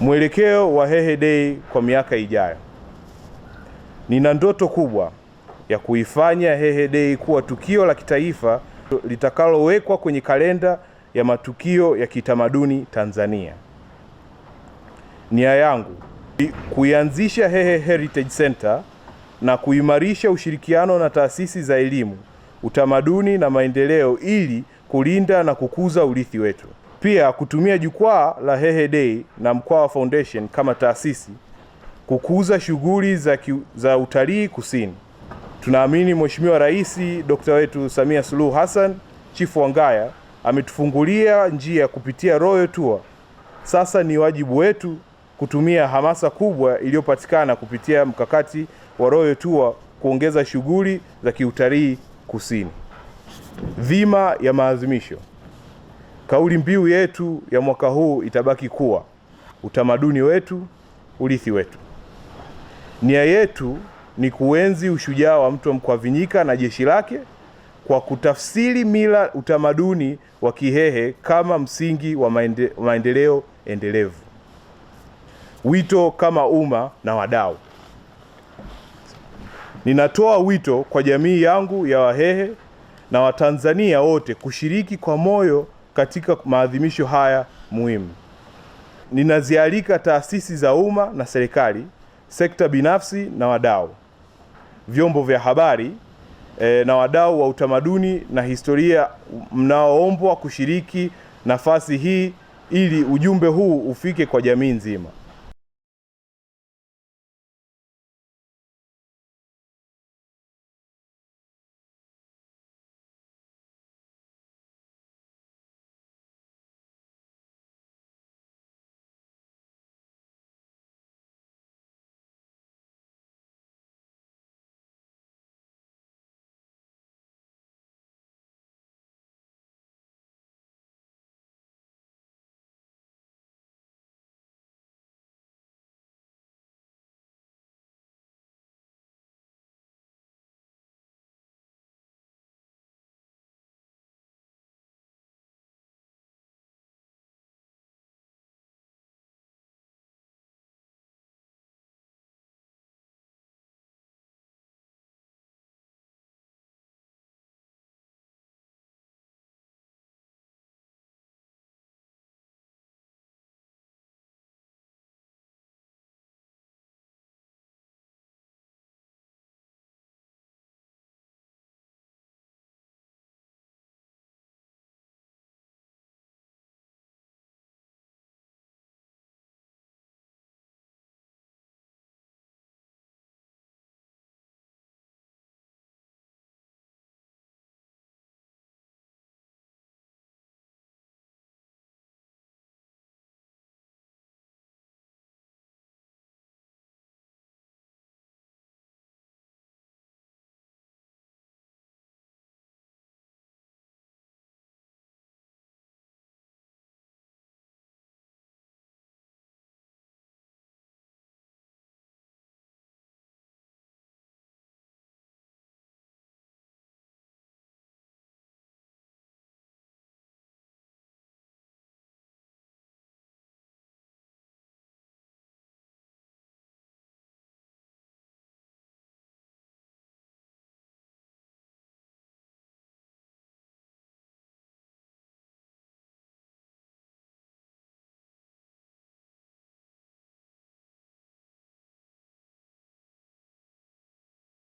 Mwelekeo wa Hehe Day kwa miaka ijayo, nina ndoto kubwa ya kuifanya Hehe Day kuwa tukio la kitaifa litakalowekwa kwenye kalenda ya matukio ya kitamaduni Tanzania. Nia yangu kuianzisha Hehe Heritage Center na kuimarisha ushirikiano na taasisi za elimu, utamaduni na maendeleo ili kulinda na kukuza urithi wetu. Pia kutumia jukwaa la Hehe Day na Mkwawa Foundation kama taasisi kukuza shughuli za, za utalii Kusini. Tunaamini Mheshimiwa Rais Dokta wetu Samia Suluhu Hassan Chifu Wangaya ametufungulia njia kupitia Royal Tour. Sasa ni wajibu wetu kutumia hamasa kubwa iliyopatikana kupitia mkakati wa Royal Tour kuongeza shughuli za kiutalii Kusini. Dhima ya maadhimisho Kauli mbiu yetu ya mwaka huu itabaki kuwa utamaduni wetu, urithi wetu. Nia yetu ni kuenzi ushujaa wa Mtwa Mkwavinyika na jeshi lake kwa kutafsiri mila, utamaduni wa Kihehe kama msingi wa maende, maendeleo endelevu. Wito kama umma na wadau, ninatoa wito kwa jamii yangu ya Wahehe na Watanzania wote kushiriki kwa moyo katika maadhimisho haya muhimu. Ninazialika taasisi za umma na serikali, sekta binafsi na wadau, vyombo vya habari e, na wadau wa utamaduni na historia mnaoombwa kushiriki nafasi hii ili ujumbe huu ufike kwa jamii nzima.